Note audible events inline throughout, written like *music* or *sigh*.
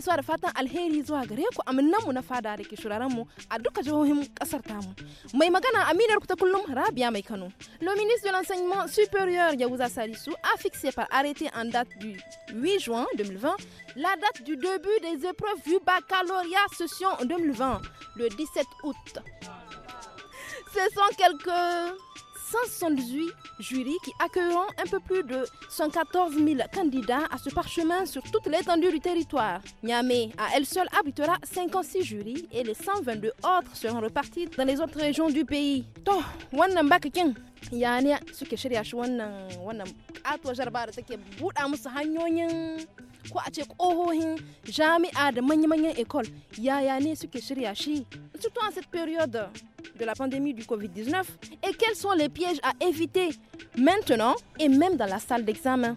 Le ministre de l'enseignement supérieur Yaouza Salisu a fixé par arrêté en date du 8 juin 2020 la date du début des épreuves du baccalauréat session 2020 le 17 août. Ce sont quelques 178 jurys qui accueilleront un peu plus de 114 000 candidats à ce parchemin sur toute l'étendue du territoire. Niamey, à elle seule, abritera 56 jurys et les 122 autres seront repartis dans les autres régions du pays ko a ce jami'a da manya-manyan école yaya ne suke shirya shi surtout en cette période de la pandémie du Covid-19 et quels sont les pièges à éviter maintenant et même dans la salle d'examen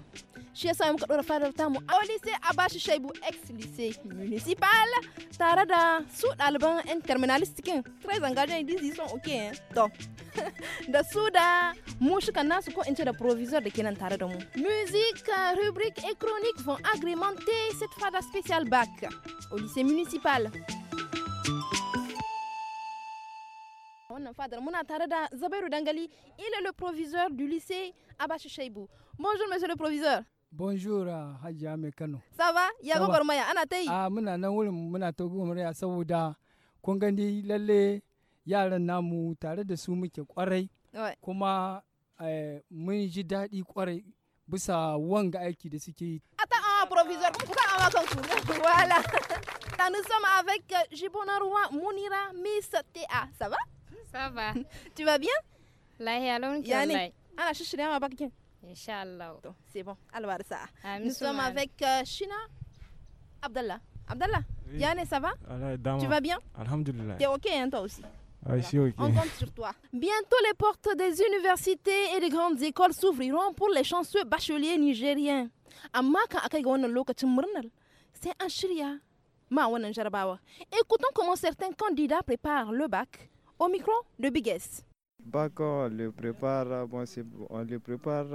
shi yasa muka dora fadar tamu a lycée abashi shaibu ex lycée municipal Tarada, da su ɗaliban yan très engagé, très zangajen dizi son ok eh? to *laughs* da su da mu shukan nasu ko in da provisor da ke nan tare da mu musique eh, rubrique et chronique vont agrémenter cette fada spéciale bac au lycée municipal wannan fadar muna tare da Zabairu Dangali, il est le proviseur du lycée Abashi Shaibou. Bonjour monsieur le proviseur. Bonjour ah, Hajiya mai Kano. Saba, ya ana ah, muna nan wurin muna ta saboda kun gani lalle namu tare da su muke kwarai. Kuma eh, mun ji daɗi bisa wanga aiki da suke yi. Ah, *laughs* nous sommes avec euh, Munira Miss T.A. Ça va? Ça va. Tu vas bien? La launin je Yani, ana shishirya ma bakin. Inch'Allah. C'est bon, voir ça. Nous sommes avec euh, Shina Abdallah. Abdallah, oui. ça va Tu vas bien Alhamdulillah. es OK, hein, toi aussi ah, On compte sur toi. Bientôt, les portes des universités et des grandes écoles s'ouvriront pour les chanceux bacheliers nigériens. C'est un aka Écoutons comment certains candidats préparent le bac au micro de Big S. Bac on le prépare, bon, on le prépare,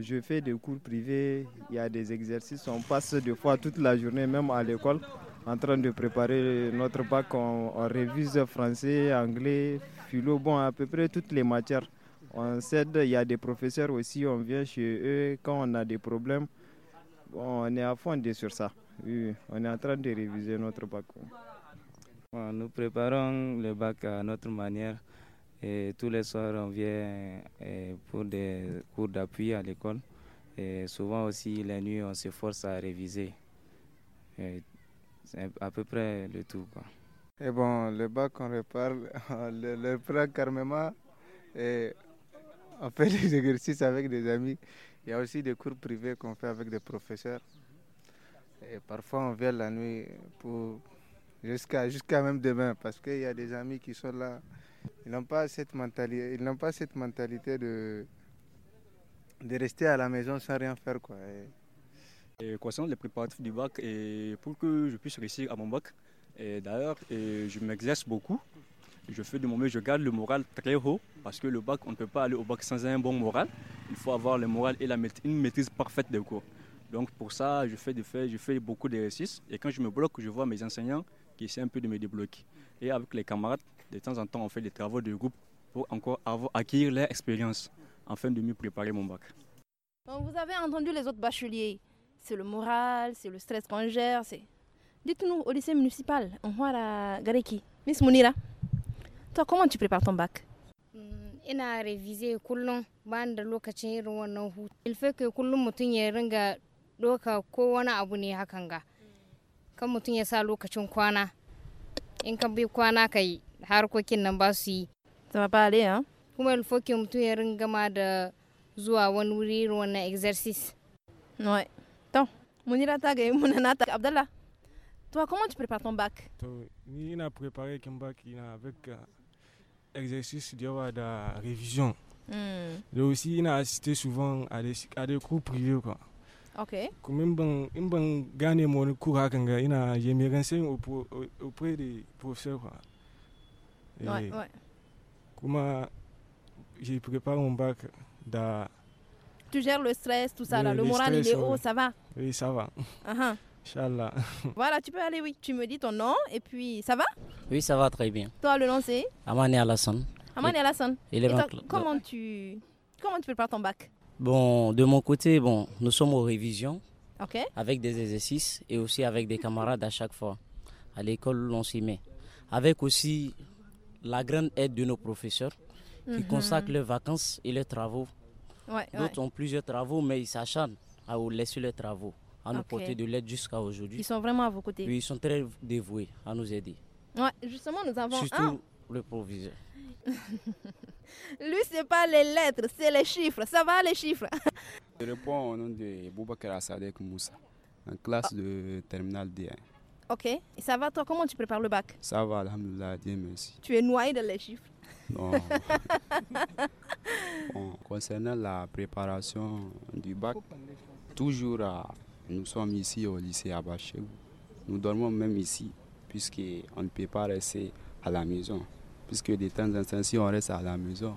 je fais des cours privés, il y a des exercices, on passe des fois toute la journée, même à l'école, en train de préparer notre bac, on, révise français, anglais, philo, bon, à peu près toutes les matières. On cède, il y a des professeurs aussi, on vient chez eux quand on a des problèmes. on est à fond sur ça. on est en train de réviser notre bac. nous préparons le bac à notre manière et tous les soirs, on vient eh, pour des cours d'appui à l'école. Et souvent aussi, la nuit, on se force à réviser. C'est à peu près le tout. Et bon, le bac, on reparle, on *laughs* le, prend carrément et on fait *laughs* des exercices avec des amis. Il y a aussi des cours privés qu'on fait avec des professeurs. Et parfois, on vient la nuit pour jusqu'à jusqu'à même demain parce qu'il y a des amis qui sont là. Ils n'ont pas cette mentalité, ils n'ont pas cette mentalité de, de rester à la maison sans rien faire. Quoi. Et, les préparatifs du bac, et pour que je puisse réussir à mon bac, et d'ailleurs, je m'exerce beaucoup. Je fais de mon mieux, je garde le moral très haut parce que le bac, on ne peut pas aller au bac sans un bon moral. Il faut avoir le moral et la une maîtrise parfaite des cours. Donc pour ça, je fais, des je fais beaucoup d'exercices et quand je me bloque, je vois mes enseignants qui essaient un peu de me débloquer. Et avec les camarades, de temps en temps, on fait des travaux de groupe pour encore avoir, acquérir leur expérience afin de mieux préparer mon bac. Donc vous avez entendu les autres bacheliers. C'est le moral, c'est le stress qu'on gère. Dites-nous, au lycée municipal, on voit la Gareki. Miss Munira, toi, comment tu prépares ton bac hmm, ina réviser kullum bayan da lokacin irin wannan hutu il faut que kullum mutum ya ringa doka ko wani abu ne hakan ga kan mutum ya sa lokacin kwana in ka bi kwana ka yi harkokin nan ba su yi Comme ya ah. kuma que mutum ya ringa ma da zuwa wani wuri wannan exercice ouais to munira ta ga muna nata abdallah toi comment tu prépares ton bac to ni ina préparé kin bac ina avec euh, exercice d'avoir de révision hmm. da aussi a assister souvent à des, à des cours privés quoi ok Comme in ban in ban gane mu wani cours hakan ga ina je auprès des professeurs quoi eh, ouais, Comment je préparé mon bac tu gères le stress, tout ça, le, moral il est haut, ça va Oui, ça va. Uh-huh. *laughs* voilà, tu peux aller, oui. Tu me dis ton nom et puis ça va Oui, ça va très bien. Toi, le nom c'est Alassane. Amane Alassane. comment, tu, comment tu prépares ton bac Bon, de mon côté, bon, nous sommes aux révisions okay. avec des exercices et aussi avec des camarades à chaque fois. À l'école, on s'y met. Avec aussi la grande aide de nos professeurs qui mhm. consacrent leurs vacances et leurs travaux. D'autres ont plusieurs travaux, mais ils s'acharnent à vous laisser les travaux, à nous porter de l'aide jusqu'à aujourd'hui. Ils sont vraiment à vos côtés. Oui, ils sont très dévoués à nous aider. Ouais, justement, nous avons Surtout le proviseur. *laughs* Lui, c'est pas les lettres, c'est les chiffres. Ça va, les chiffres Je réponds au nom de Boubacar Kerasadek Moussa, en classe de terminale D1. Ok. Et ça va, toi Comment tu prépares le bac Ça va, Alhamdulillah. merci. Tu es noyé dans les chiffres Non. *laughs* concernant la préparation du bac, toujours, euh, nous sommes ici au lycée Abachéou. Nous dormons même ici, puisqu'on ne peut pas rester à la maison. Puisque de temps en temps, si on reste à la maison,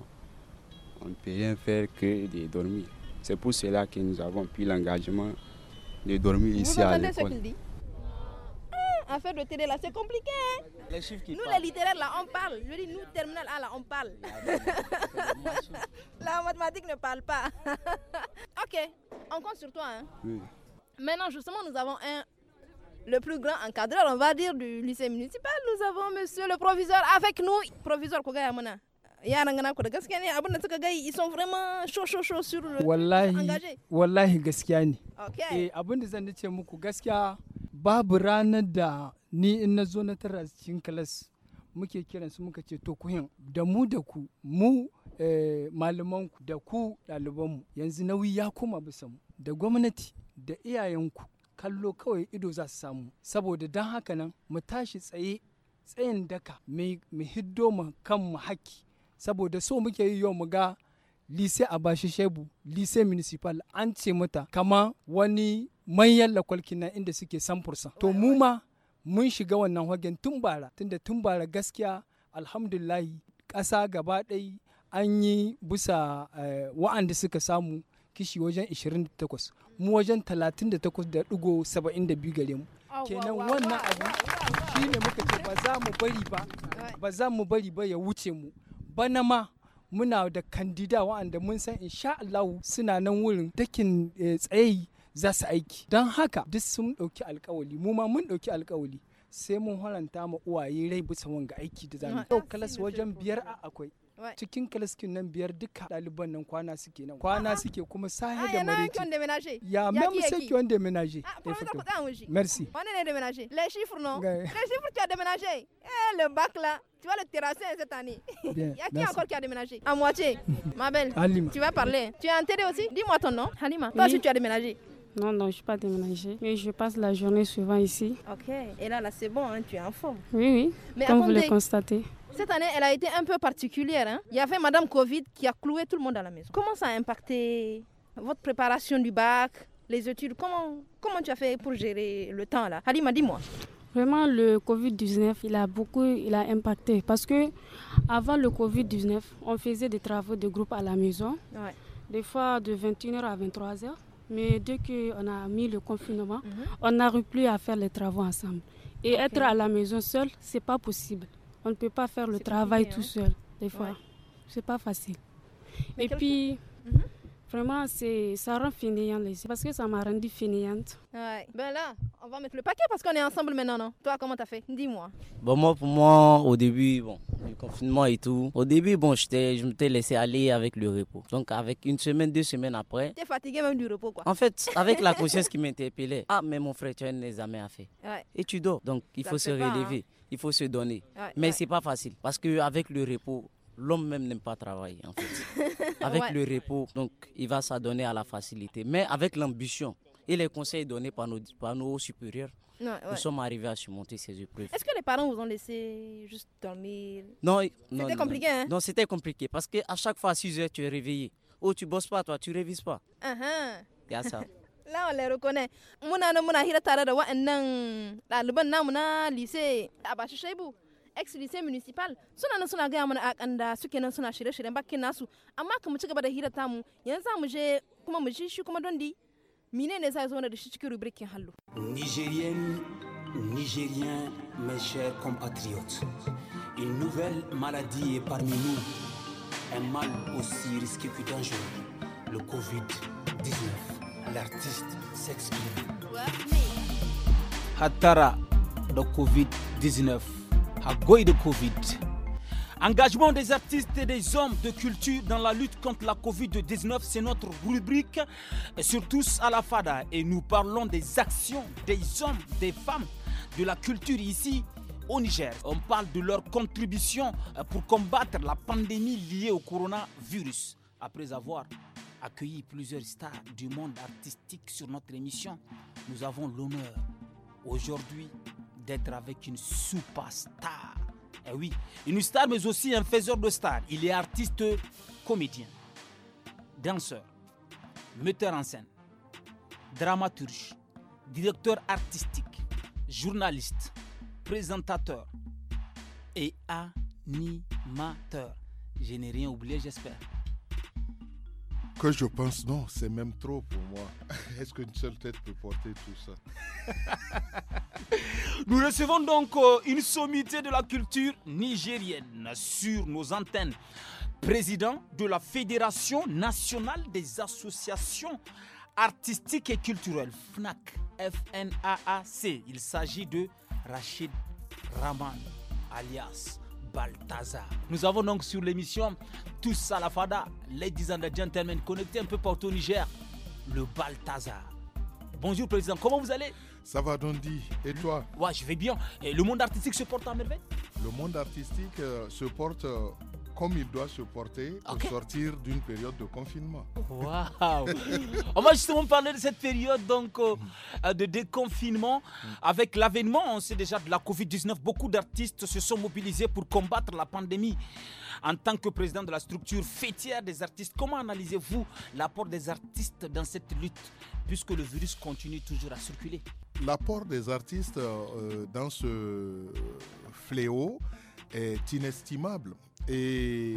on ne peut rien faire que de dormir. C'est pour cela que nous avons pris l'engagement de dormir ici à l'école. En faire le télé là, c'est compliqué. Hein. nous, les littéraires là, on parle. Je dis, nous, terminal A là, on parle. Ah, *laughs* la mathématique ne parle pas. *laughs* ok, on compte sur toi. Hein. Oui. Maintenant, justement, nous avons un. Le plus grand encadreur, on va dire, du lycée municipal. Nous avons monsieur le proviseur avec nous. Proviseur Kogayamana. Mona ils sont vraiment chaud chaud chaud sur wallahi wallahi gaskiya ne eh da muku gaskiya babu ranar da ni in na zo na tara cikin kalas muke kiran su muka ce to kuhin da mu da ku mu eh, malamanku da ku ɗalibanmu yanzu nauyi ya koma bisa mu da gwamnati da iyayenku kallo kawai ido za su samu saboda don haka nan mu tashi tsaye tsayin daka mu hiddo mu mu haƙƙi saboda so muke yi yau mu ga lise abashi shebu lise municipal an ce mata kama wani manyan lakwalkin nan inda suke samfursa to mu ma mun shiga wannan hagen tun bara tunda tun bara gaskiya alhamdulillahi ƙasa gaba ɗai an yi bisa eh, wa'anda suka samu kishi wajen 28 mu wajen 38.72 gare mu kenan wannan abu shi ne muka ce ba za mu bari ba ba za mu bari ba ya wuce mu bana ma muna da kandida wa'anda mun san insha Allah suna nan wurin dakin eh, tsayi za su aiki don haka duk sun ɗauki alkawali mu ma mun ɗauki alkawali sai mun holanta ma uwaye rai bisa wanga aiki da zamu yau kalas wajen biyar a akwai cikin kalaskin nan biyar duka ɗaliban nan kwana suke nan kwana suke kuma sahe da mariti ah, ya même ah, eh, ceux qui ont déménagé merci on da déménagé les chiffres non les chiffres tu as déménagé eh le bac là tu vas le terrasser cette année il *laughs* y a qui encore qui a déménagé à moitié *laughs* ma belle tu vas parler tu es enterré aussi dis-moi ton nom Halima toi aussi tu as déménagé non, non, je suis pas déménagée, Mais je passe la journée souvent ici. Ok. Et là, là c'est bon, hein, tu es en forme. Oui, oui. comme vous l'avez constatez. Cette année, elle a été un peu particulière. Hein. Il y avait Madame Covid qui a cloué tout le monde à la maison. Comment ça a impacté votre préparation du bac, les études Comment, comment tu as fait pour gérer le temps là m'a dis-moi. Vraiment, le Covid-19, il a beaucoup il a impacté. Parce que avant le Covid-19, on faisait des travaux de groupe à la maison. Des fois de 21h à 23h. Mais dès qu'on a mis le confinement, mhm. on n'arrive plus à faire les travaux ensemble. Et être à la maison seul, c'est pas possible. On ne peut pas faire le travail tout hein. seul, des fois. C'est pas facile. Et puis. Vraiment, ça rend fainéant parce que ça m'a rendu fainéante. Ben là, on va mettre le paquet parce qu'on est ensemble maintenant, non Toi, comment t'as fait Dis-moi. Bon, moi, pour moi, au début, bon, le confinement et tout, au début, bon, je m'étais laissé aller avec le repos. Donc, avec une semaine, deux semaines après. T'es fatigué même du repos, quoi. En fait, avec la conscience qui m'interpellait. Ah, mais mon frère, tu as jamais examen à Et tu dors. Donc, il faut se hein. relever. Il faut se donner. mais c'est pas facile parce qu'avec le repos, l'homme même n'aime pas travailler en fait. *laughs* Avec le repos, donc il va s'adonner à la facilité, mais avec l'ambition et les conseils donnés par nos, par nos supérieurs, nous sommes arrivés à surmonter ces épreuves. Est-ce que les parents vous ont laissé juste dormir Non, non c'était compliqué. Non, hein? non c'était compliqué parce que à chaque fois à 6 heures tu es réveillé. ou oh, tu bosses pas toi, tu révises pas. Uh ça. *laughs* Là, on les reconnaît. lycée ex lycée municipal suna nan suna gaya mana akanda suke nan suna shirye-shiryen bakin nasu amma kuma ci gaba da hira tamu yanzu mu je kuma mu shi kuma dondi mine ne zai zo da shi cikin rubrikin hallo nigérienne nigérien mes chers compatriotes une nouvelle maladie est parmi nous un mal aussi risqué que dangereux le covid-19 l'artiste s'exprime hatara le covid-19 à de Covid. Engagement des artistes et des hommes de culture dans la lutte contre la Covid-19, c'est notre rubrique sur tous à la FADA. Et nous parlons des actions des hommes, des femmes de la culture ici au Niger. On parle de leur contribution euh, pour combattre la pandémie liée au coronavirus. Après avoir accueilli plusieurs stars du monde artistique sur notre émission, nous avons l'honneur aujourd'hui d'être avec une superstar. Eh oui, une star, mais aussi un faiseur de stars. Il est artiste, comédien, danseur, metteur en scène, dramaturge, directeur artistique, journaliste, présentateur et animateur. Je n'ai rien oublié, j'espère que je pense, non, c'est même trop pour moi. *laughs* Est-ce qu'une seule tête peut porter tout ça *laughs* Nous recevons donc euh, une sommité de la culture nigérienne sur nos antennes. Président de la Fédération nationale des associations artistiques et culturelles, FNAC, FNAAC. Il s'agit de Rachid Rahman, alias Balthazar. Nous avons donc sur l'émission Tous Salafada, Ladies and Gentlemen, connectés un peu partout au Niger, le Balthazar. Bonjour Président, comment vous allez Ça va Dondi, et toi Ouais, je vais bien. Et le monde artistique se porte à merveille Le monde artistique euh, se porte... Euh, comme il doit se porter pour sortir d'une période de confinement. Waouh On va justement parler de cette période donc euh, euh, de déconfinement. Mm. Avec l'avènement, on sait déjà de la Covid-19, beaucoup d'artistes se sont mobilisés pour combattre la pandémie. En tant que président de la structure fêtière des artistes, comment analysez-vous l'apport des artistes dans cette lutte puisque le virus continue toujours à circuler L'apport des artistes euh, dans ce fléau est inestimable est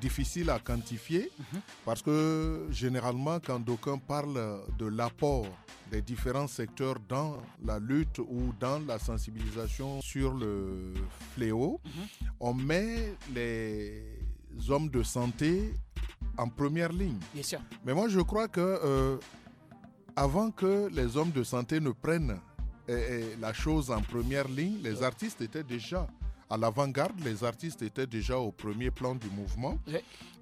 difficile à quantifier mhm. parce que généralement quand d'aucuns parlent de l'apport des différents secteurs dans la lutte ou dans la sensibilisation sur le fléau, mhm. on met les hommes de santé en première ligne. Mais moi je crois que euh, avant que les hommes de santé ne prennent eh, eh, la chose en première ligne, les artistes étaient déjà à l'avant-garde, les artistes étaient déjà au premier plan du mouvement.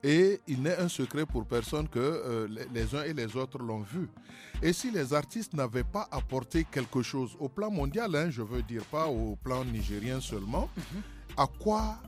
Et il n'est un secret pour personne que euh, les uns et les autres l'ont vu. Et si les artistes n'avaient pas apporté quelque chose au plan mondial, je hein, je veux dire pas au plan nigérien seulement, mhm. à quoi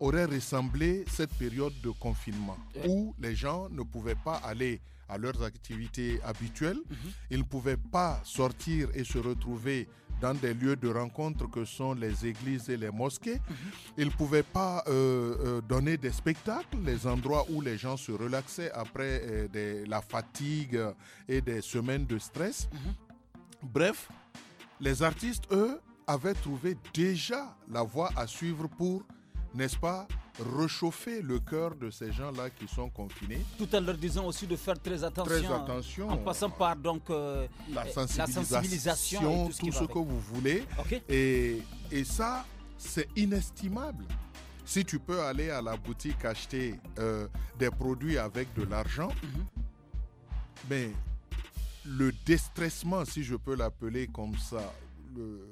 aurait ressemblé cette période de confinement où les gens ne pouvaient pas aller à leurs activités habituelles, mhm. ils ne pouvaient pas sortir et se retrouver dans des lieux de rencontre que sont les églises et les mosquées. Mhm. Ils ne pouvaient pas euh, euh, donner des spectacles, les endroits où les gens se relaxaient après euh, la fatigue et des semaines de stress. Mhm. Bref, les artistes, eux, avaient trouvé déjà la voie à suivre pour, n'est-ce pas, rechauffer le cœur de ces gens-là qui sont confinés. Tout en leur disant aussi de faire très attention. Très hein, attention. En passant par euh, donc euh, la, sensibilisation, tout ce, que vous voulez. Et, ça, c'est inestimable. Si tu peux aller à la boutique acheter euh, des produits avec de l'argent, mhm. mais le déstressement, si je peux l'appeler comme ça, le,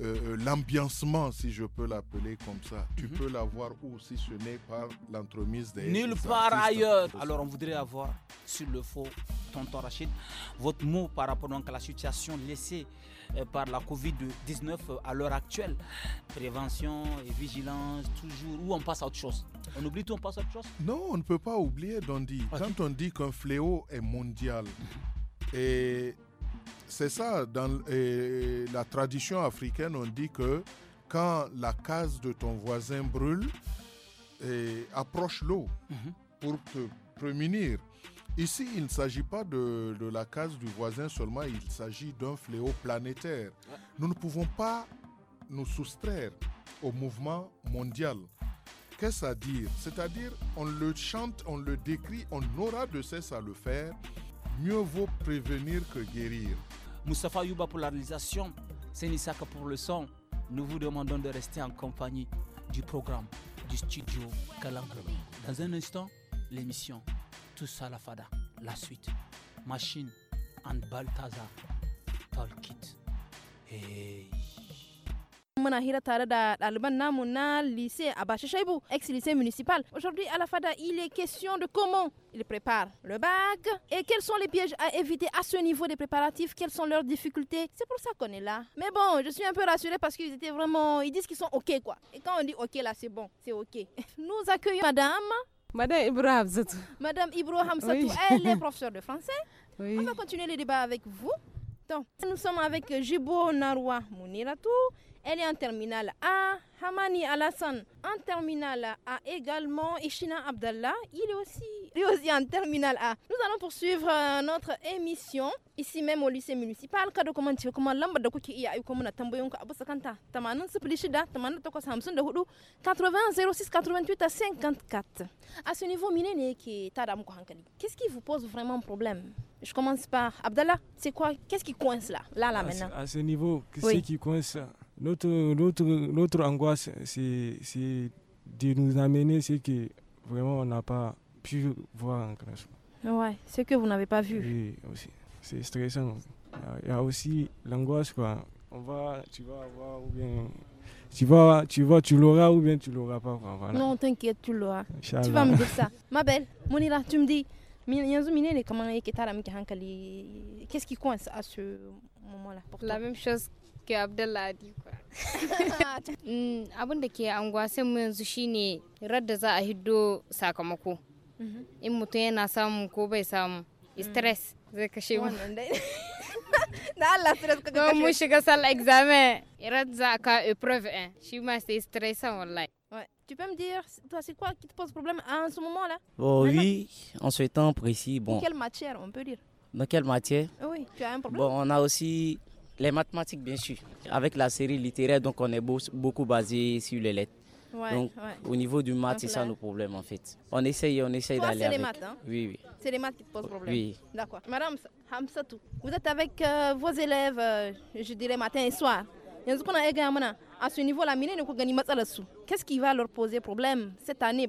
euh, euh, l'ambiancement, si je peux l'appeler comme ça, tu mhm. peux l'avoir où si ce n'est par l'entremise des. Nulle part ailleurs. Alors on voudrait avoir, sur le faux, tonton Rachid, votre mot par rapport donc à la situation laissée euh, par la Covid-19 à l'heure actuelle. Prévention et vigilance, toujours, où on passe à autre chose. On oublie tout, on passe à autre chose Non, on ne peut pas oublier, Dondi. Quand on dit qu'un fléau est mondial, mhm. et c'est ça, dans la tradition africaine, on dit que quand la case de ton voisin brûle, approche l'eau mhm. pour te prémunir. Ici, il ne s'agit pas de, de, la case du voisin seulement, il s'agit d'un fléau planétaire. Nous ne pouvons pas nous soustraire au mouvement mondial. Qu'est-ce à dire C'est-à-dire, on le chante, on le décrit, on aura de cesse à le faire Mieux vaut prévenir que guérir. Moustapha Yuba pour la réalisation, Senissaka pour le son. Nous vous demandons de rester en compagnie du programme du studio Kalangre. Dans un instant, l'émission Tout ça la Fada, la suite. Machine and Balthazar, Talkit. Hey muna hira tare da lycée à ex-lycée municipal. Aujourd'hui, à la FADA, il est question de comment ils préparent le bac et quels sont les pièges à éviter à ce niveau des préparatifs, quelles sont leurs difficultés. C'est pour ça qu'on est là. Mais bon, je suis un peu rassurée parce qu'ils étaient vraiment, ils disent qu'ils sont OK quoi. Et quand on dit OK là, c'est bon, c'est OK. *laughs* Nous accueillons Madame. Madame Ibrahim Zatou. Madame Ibrahim Zatou, elle est *laughs* professeure de français. On va continuer le débat avec vous. Donc, nous sommes avec Jibo Narwa Mouniratou elle est en terminale A. Hamani Alassane en terminale A également. Ishina Abdallah, il est aussi, il est aussi en terminale A. Nous allons poursuivre euh, notre émission ici même au lycée municipal. Kado comment tu comment l'amba de kuki iya yuko muna tamboyonka abu sakanta. Tamanan sipli shida, tamanan toko samsun de hudu 80 06 88 à 54. À ce niveau, minene ki tadam ko hankali. Qu'est-ce qui vous pose vraiment problème? Je commence par Abdallah. C'est quoi? Qu'est-ce qui coince là? Là, là, maintenant. À ce, à ce niveau, qu'est-ce oui. qui coince? L'autre, l'autre, l'autre angoisse, c'est, c'est de nous amener ce que vraiment on n'a pas pu voir en classe. Ouais, ce que vous n'avez pas vu. Oui, aussi. C'est stressant. Il y a aussi l'angoisse, quoi. On va, tu vas avoir ou bien. Tu vas, tu vas, tu l'auras ou bien tu l'auras pas. Non, t'inquiète, tu l'auras. Tu vas me dire ça. *laughs* Ma belle, Monila, tu me dis. Qu'est-ce qui coince à ce moment-là pour La même chose ke abdallah adi *laughs* mm, abin da ke anguwa mu yanzu shine radda za a hiddo sakamako mhm. in mutum yana samu ko bai samu mm. stress zai kashe mu *laughs* Na Allah stress ka kashe mu shiga sal examen radda za ka épreuve hein shi ma sai stress wallahi Ouais. Tu peux me dire, toi, c'est quoi qui te pose problème à ce moment-là oh, Oui, en ce temps précis. Bon. Dans quelle matière, on peut dire Dans quelle matière Oui, tu as un problème. Bon, on a aussi les mathématiques, bien sûr. Avec la série littéraire, donc on est beaucoup basé sur les lettres. donc, au niveau du maths, c'est ça nos problèmes en fait. On essaye, on essaye d'aller avec. C'est les maths, hein. Oui, oui. C'est les maths qui te posent problème. Oui. D'accord. Madame Hamsatou, vous êtes avec euh, vos élèves, euh, je dirais matin et soir à ce niveau la Qu'est-ce qui va leur poser problème cette année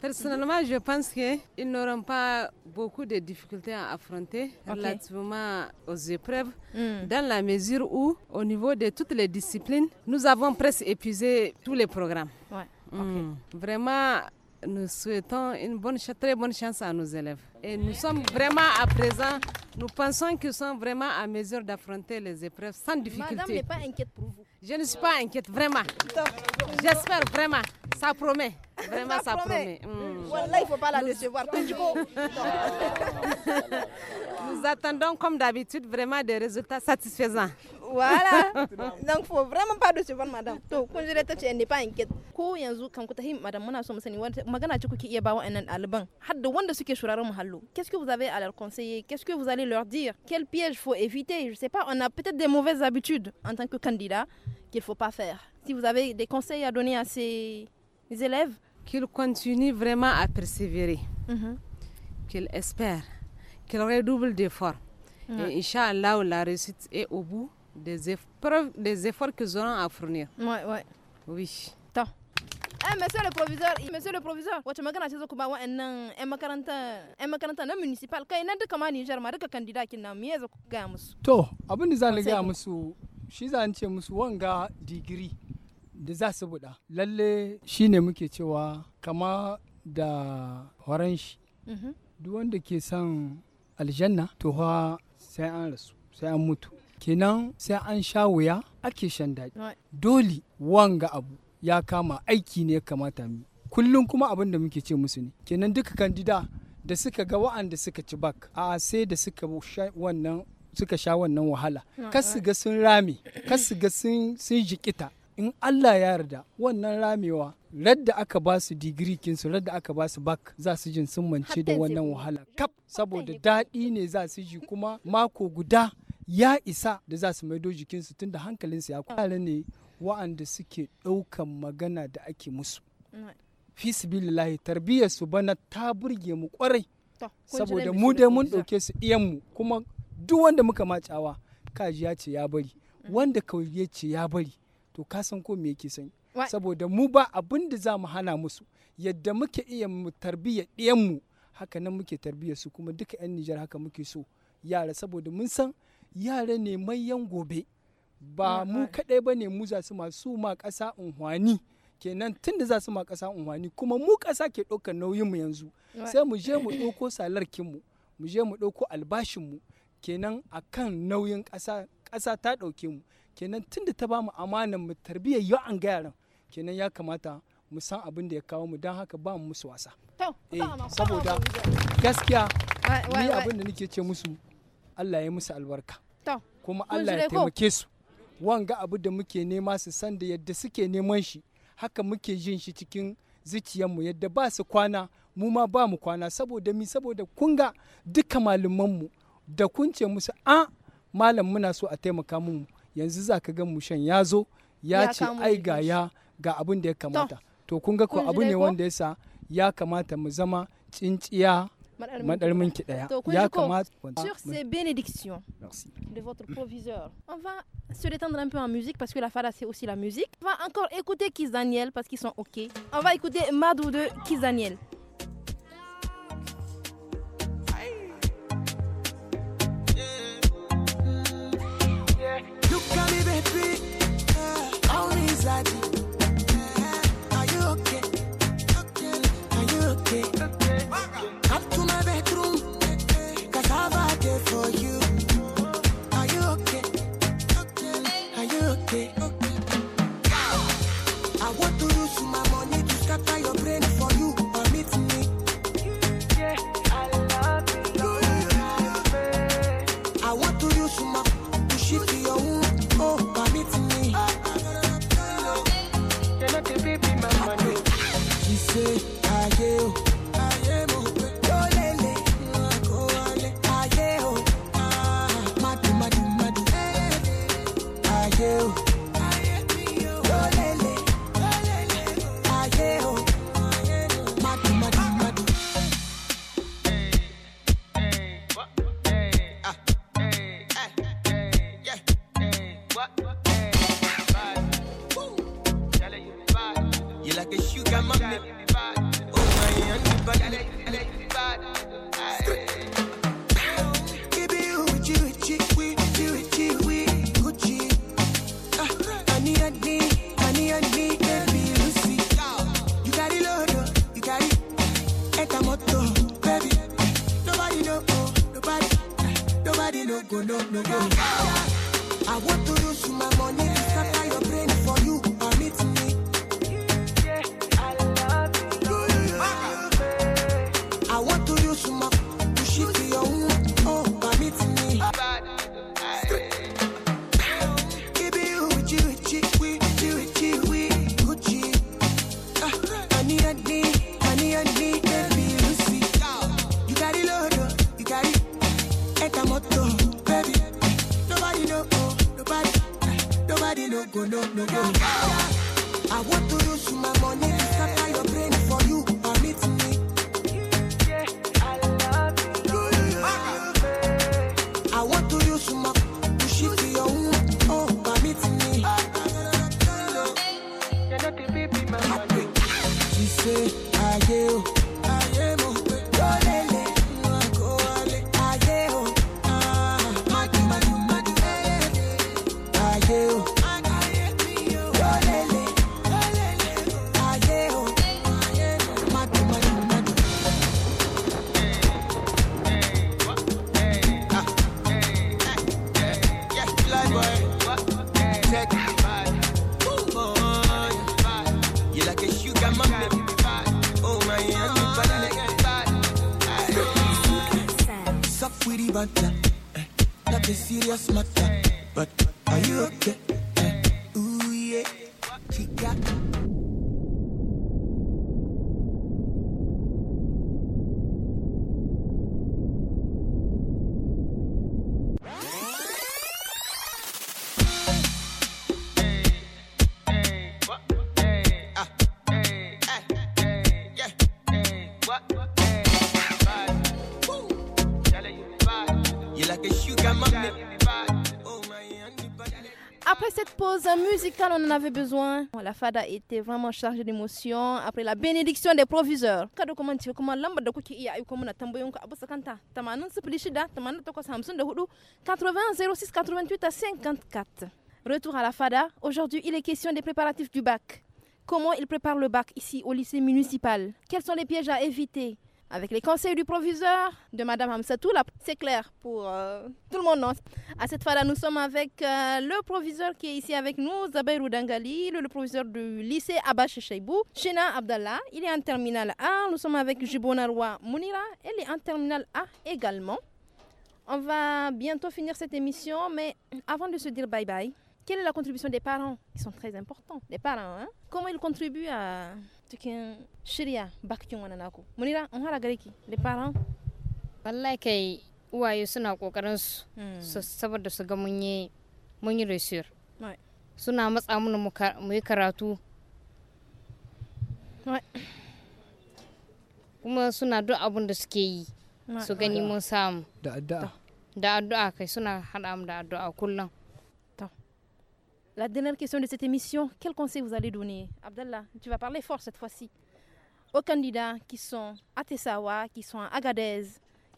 Personnellement, je pense qu'ils n'auront pas beaucoup de difficultés à affronter relativement aux épreuves hmm. dans la mesure où au niveau de toutes les disciplines, nous avons presque épuisé tous les programmes. Hmm. Vraiment nous souhaitons une bonne, très bonne chance à nos élèves. Et nous sommes vraiment à présent nous pensons qu'ils sont vraiment à mesure d'affronter les épreuves sans difficulté. Madame n'est pas inquiète pour vous. Je ne suis pas inquiète, vraiment. J'espère vraiment. Ça promet. Vraiment, ça, ça promet. Mmh. il ne faut pas la décevoir. *laughs* nous attendons, comme d'habitude, vraiment des résultats satisfaisants. Voilà. *laughs* Donc, il ne faut vraiment pas décevoir, madame. Donc, quand je l'ai elle pas inquiète. Ko yanzu kan ku tahi madame muna so musani sani magana ce kuke iya ba wa'annan ɗaliban har da wanda suke shuraren muhallu qu'est-ce que vous avez à leur conseiller qu'est-ce que vous allez leur dire quel piège faut éviter je sais pas on a peut-être des mauvaises habitudes en tant que candidat il ne faut pas faire. Si vous avez des conseils à donner à ces élèves. Qu'ils continuent vraiment à persévérer, mhm. qu'ils espèrent, qu'ils redoublent d'efforts. Et la réussite est au bout des, épreuves, des efforts qu'ils auront à fournir. Oui. Eh, monsieur le proviseur, monsieur le proviseur, municipal To, abin shi za a ce musu wanga digiri da za su buɗa lalle shi ne muke cewa kama da horon shi mhm. duk wanda ke son aljanna to ha sai an rasu sai an mutu kenan sai an sha wuya ake shan daɗi dole wanga abu ya kama aiki ne kamata mu kullum kuma abin da muke ce musu ne kenan duka kandida da suka ga wa'anda suka ci bak a sai da suka wannan suka sha wannan wahala kas ga sun rame kas sun jikita in Allah ya yarda wannan ramewa radda aka ba su digirikin su radda aka ba su bak za su jin sun mance da wannan wahala kap saboda daɗi ne za su ji kuma mako guda ya isa da za su maido jikinsu tunda hankalinsu ya kwara ne wa'anda suke ɗaukan magana da ake musu fi tarbiyyar su bana ta burge mu kwarai saboda mu dai mun ɗauke su iyanmu kuma duk wanda muka macawa kaji ya ce ya bari wanda kawai ya ce ya bari to ka san ko me yake sani saboda mu ba abin da za mu hana musu yadda muke iya mu tarbiyya mu haka nan muke tarbiyyar su kuma duka 'yan Nijar haka muke so yara saboda mun san yara ne manyan gobe ba mu kaɗai ba ne mu za su masu ma ƙasa unhwani kenan tun da za su ma ƙasa unhwani kuma mu ƙasa ke ɗaukar nauyin mu yanzu sai mu je mu ɗauko salarkin mu mu je mu ɗauko albashin mu kenan a kan nauyin ƙasa ƙasa ta ɗauke mu kenan tun da ta bamu amanan mu tarbiyyar yau an ga yaran kenan ya kamata mu san abin da ya kawo mu don haka ba mu musu wasa eh, saboda gaskiya ni abin da nake ce musu Allah ya musu albarka kuma Allah ya taimake su wanga abu da muke nema su san da yadda suke neman shi haka muke jin shi cikin mu yadda ba su kwana mu ma ba mu kwana saboda mi saboda kunga duka mu. da kunce musu a malam muna so a taimaka mu yanzu za ka gan mushen ya zo ya ce ai ga ya ga abin da ya kamata to kun ga ko abu ne wanda ya sa ya kamata mu zama tsinciya madarminki daya ya kamata sur ces bénédictions de votre proviseur on va se détendre un peu en musique parce que la fada c'est aussi la musique on va encore écouter Kiss Daniel parce qu'ils sont ok on va écouter Madou de Kiss Daniel baby. I want to Un musical, on en avait besoin. La fada était vraiment chargée d'émotion après la bénédiction des proviseurs. comment tu comment lamba da kuke iya muna tambayoyin quoi abu sakanta 86 88 06 88 à 54. Retour à la fada. Aujourd'hui, il est question des préparatifs du bac. Comment ils préparent le bac ici au lycée municipal Quels sont les pièges à éviter avec les conseils du proviseur, de Madame Hamsatou, c'est clair pour euh, tout le monde. à cette fois-là, nous sommes avec euh, le proviseur qui est ici avec nous, Zabairou Dangali, le, proviseur du lycée Abba Cheibou, Chena Abdallah, il est en terminale A. Nous sommes avec Jibona Roy Mounira, elle est en terminale A également. On va bientôt finir cette émission, mais avant de se dire bye bye, quelle est la contribution des parents Ils sont très importants, les parents. Hein? Comment ils contribuent à cikin shirya bakin wani naku munira in hara gare ki da faran wallahi kai uwaye suna kokarin hmm. su saboda su ga mun yi mun yi resir suna matsa mana mu yi karatu kuma suna duk abun da suke yi su gani mun samu da addu'a da addu'a kai suna hada da addu'a kullum la dernière question de cette émission, quel conseil vous allez donner Abdallah, tu vas parler fort cette fois-ci. Aux candidats qui sont à Tessawa, qui sont à Agadez,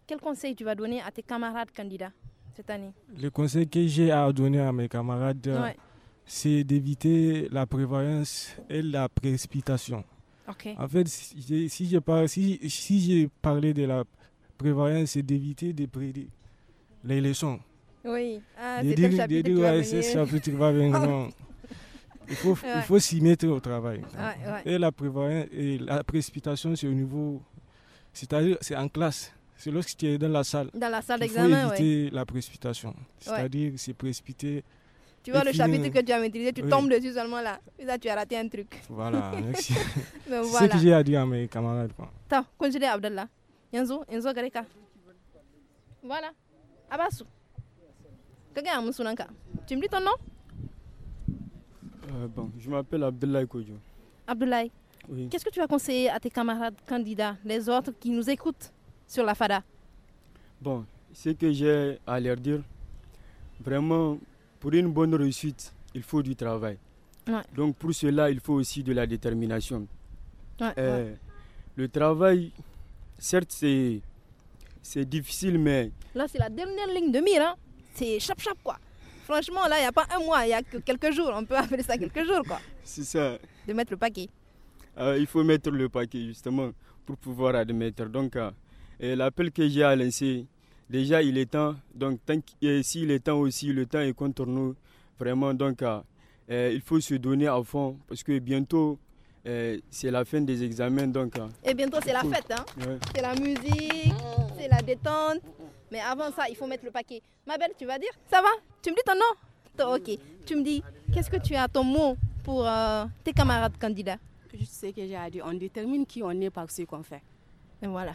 quel conseil tu vas donner à tes camarades candidats cette année Le conseil que j'ai à donner à mes camarades, c'est d'éviter la prévoyance et la précipitation. En fait, si, j'ai si, parlé de la prévoyance, c'est d'éviter de prédire les leçons. Oui. Ah, c'est le chapitre va venir. Non. *laughs* Il faut, il faut s'y mettre au travail. Ouais, et, la et la précipitation, c'est au niveau. C'est-à-dire, c'est en classe. C'est lorsque tu es dans la salle. Dans la salle d'examen, Il faut éviter la précipitation. C'est-à-dire, c'est précipiter. Tu vois le chapitre que tu as maîtrisé, tu tombes dessus seulement là. Et là, tu as raté un truc. Voilà, *laughs* merci. c'est ce que j'ai à dire à mes camarades. T'as, continue Abdallah. Yanzo, Yanzo Gareka. Voilà. Abassou. Tu me dis ton nom? Euh, je m'appelle Abdoulaye Kojo. Abdoulaye, qu'est-ce que tu vas conseiller à tes camarades candidats, les autres qui nous écoutent sur la FADA Bon, ce que j'ai à leur dire, vraiment, pour une bonne réussite, il faut du travail. Donc pour cela, il faut aussi de la détermination. Euh, le travail, certes, c'est difficile, mais... Là, c'est la dernière ligne de mire. Hein? c'est chap chap quoi. Franchement, là, il n'y a pas un mois, il y a que quelques jours. On peut *laughs* appeler ça quelques jours quoi. C'est ça. De mettre le paquet. Euh, il faut mettre le paquet justement pour pouvoir admettre. Donc, euh, l'appel que j'ai à lancer, déjà il est temps. Donc, tant s'il est temps aussi, le temps est contre nous. Vraiment, donc, euh, il faut se donner à fond parce que bientôt, c'est la fin des examens donc. et bientôt c'est la fête hein. C'est la musique, c'est la détente, mais avant ça, il faut mettre le paquet. Ma belle, tu vas dire Ça va Tu me dis ton nom Ok. Tu me dis, qu'est-ce que tu as ton mot pour euh, tes camarades candidats Je sais que j'ai à dire. On détermine qui on est par ce qu'on fait. Et voilà.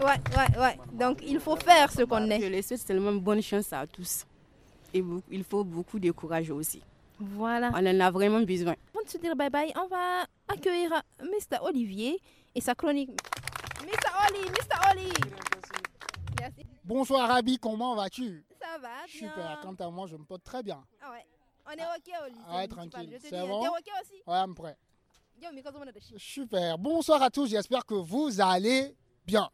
Ouais, ouais, ouais. Donc il faut faire ce qu'on est. Je les souhaite seulement bonne chance à tous. Et il faut beaucoup de courage aussi. Voilà. On en a vraiment besoin. Avant de se dire bye bye, on va accueillir euh, Mr. Olivier et sa chronique. Mr. Oli, Mr. Oli. Bonsoir Abby, comment vas-tu Ça va bien. Super, quant à moi, je me porte très bien. Ah ouais. On est OK Oli. Ah tranquille. C'est bon OK aussi Ouais, Super. Bonsoir à tous, j'espère que vous allez bien.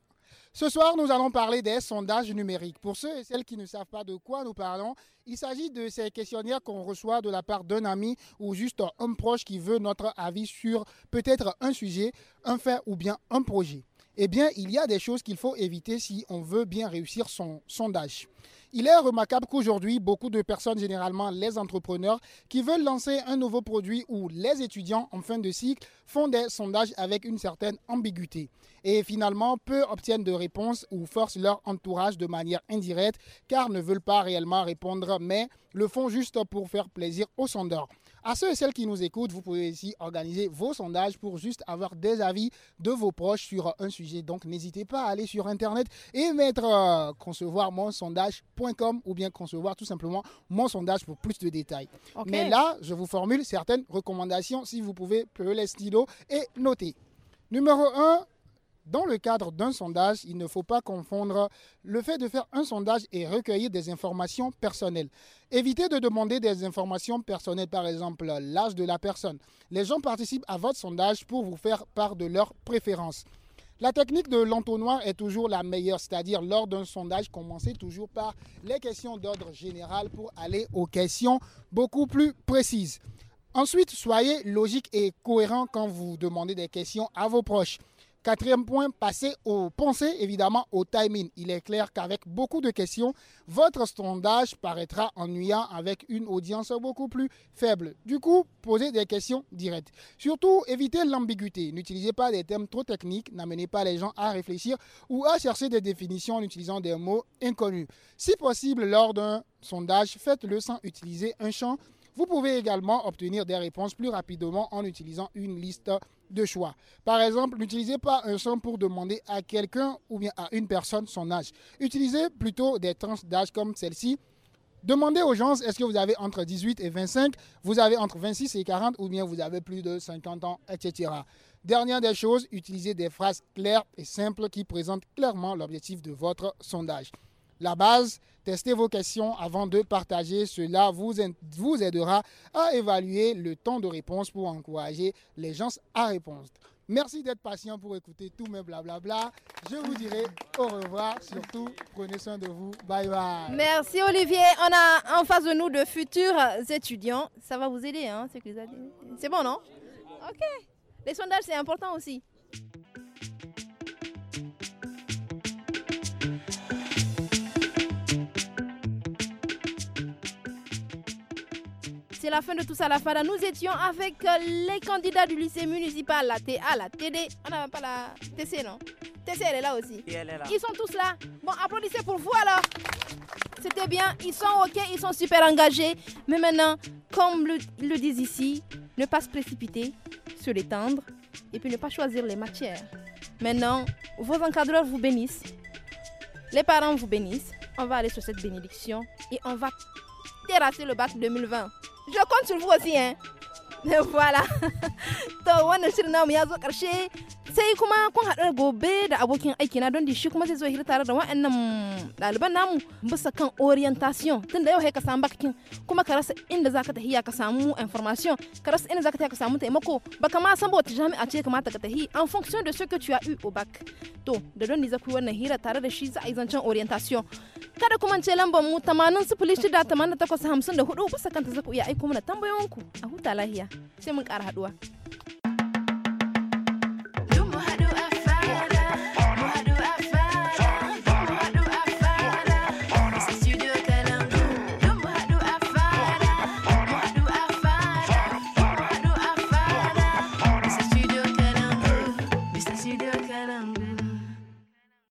Ce soir, nous allons parler des sondages numériques. Pour ceux et celles qui ne savent pas de quoi nous parlons, il s'agit de ces questionnaires qu'on reçoit de la part d'un ami ou juste un proche qui veut notre avis sur peut-être un sujet, un fait ou bien un projet eh bien, il y a des choses qu'il faut éviter si on veut bien réussir son sondage. Il est remarquable qu'aujourd'hui, beaucoup de personnes, généralement les entrepreneurs, qui veulent lancer un nouveau produit ou les étudiants en fin de cycle, font des sondages avec une certaine ambiguïté. Et finalement, peu obtiennent de réponses ou forcent leur entourage de manière indirecte, car ne veulent pas réellement répondre, mais le font juste pour faire plaisir aux sondeurs. À ceux et celles qui nous écoutent, vous pouvez aussi organiser vos sondages pour juste avoir des avis de vos proches sur un sujet. Donc n'hésitez pas à aller sur Internet et mettre euh, concevoirmonsondage.com ou bien concevoir tout simplement mon sondage pour plus de détails. Mais là, je vous formule certaines recommandations si vous pouvez, peler les stylo et noter. Numéro 1, dans le cadre d'un sondage, il ne faut pas confondre le fait de faire un sondage et recueillir des informations personnelles. Évitez de demander des informations personnelles, par exemple l'âge de la personne. Les gens participent à votre sondage pour vous faire part de leurs préférences. La technique de l'entonnoir est toujours la meilleure, c'est-à-dire lors d'un sondage, commencez toujours par les questions d'ordre général pour aller aux questions beaucoup plus précises. Ensuite, soyez logique et cohérent quand vous demandez des questions à vos proches. Quatrième point, aux pensez évidemment au timing. Il est clair qu'avec beaucoup de questions, votre sondage paraîtra ennuyant avec une audience beaucoup plus faible. Du coup, posez des questions directes. Surtout, évitez l'ambiguïté. N'utilisez pas des termes trop techniques, n'amenez pas les gens à réfléchir ou à chercher des définitions en utilisant des mots inconnus. Si possible, lors d'un sondage, faites-le sans utiliser un champ vous pouvez également obtenir des réponses plus rapidement en utilisant une liste de choix. Par exemple, n'utilisez pas un son pour demander à quelqu'un ou bien à une personne son âge. Utilisez plutôt des tranches d'âge comme celle-ci Demandez aux gens, est-ce que vous avez entre 18 et 25, vous avez entre 26 et 40 ou bien vous avez plus de 50 ans, etc. Dernière des choses, utilisez des phrases claires et simples qui présentent clairement l'objectif de votre sondage la base. Testez vos questions avant de partager. Cela vous, vous aidera à évaluer le temps de réponse pour encourager les gens à répondre. Merci d'être patient pour écouter tous mes blablabla. Je vous dirai au revoir. Surtout, prenez soin de vous. Bye bye. Merci Olivier. On a en face de nous de futurs étudiants. Ça va vous aider, hein, C'est bon, non Ok. Les sondages, c'est important aussi. la fin de tout ça, la fada. Nous étions avec euh, les candidats du lycée municipal, la TA, la TD. On n'avait pas la TC, non TC, elle est là aussi. Ils sont tous là. Bon, applaudissez pour vous alors. C'était bien. Ils sont OK, ils sont super engagés. Mais maintenant, comme le, le disent ici, ne pas se précipiter, se l'étendre et puis ne pas choisir les matières. Maintenant, vos encadreurs vous bénissent, les parents vous bénissent. On va aller sur cette bénédiction et on va terrasser le bac 2020. Je compte sur vous aussi. Hein. *laughs* Voilà. To a le nom nom Yazo ƙarshe sai kuma kun haɗu gobe da abokin aikina don shi kuma zai zo hira tare da wa'annan ɗaliban namu bisa kan orientation tun da yau ka samu bakin kuma ka rasa inda zaka tafi ka samu information ka rasa inda zaka tafi ka samu taimako baka ma san wata jami'a ce kamata ka tafi en fonction de ce que tu as eu au bac to da don ni za ku yi wannan hira tare da shi za a yi zancen orientation kada kuma ce lambar mu 80 sifili shida 88 54 bisa kanta za ku iya aiko mana tambayoyinku a huta lahiya sai mun ƙara haɗuwa.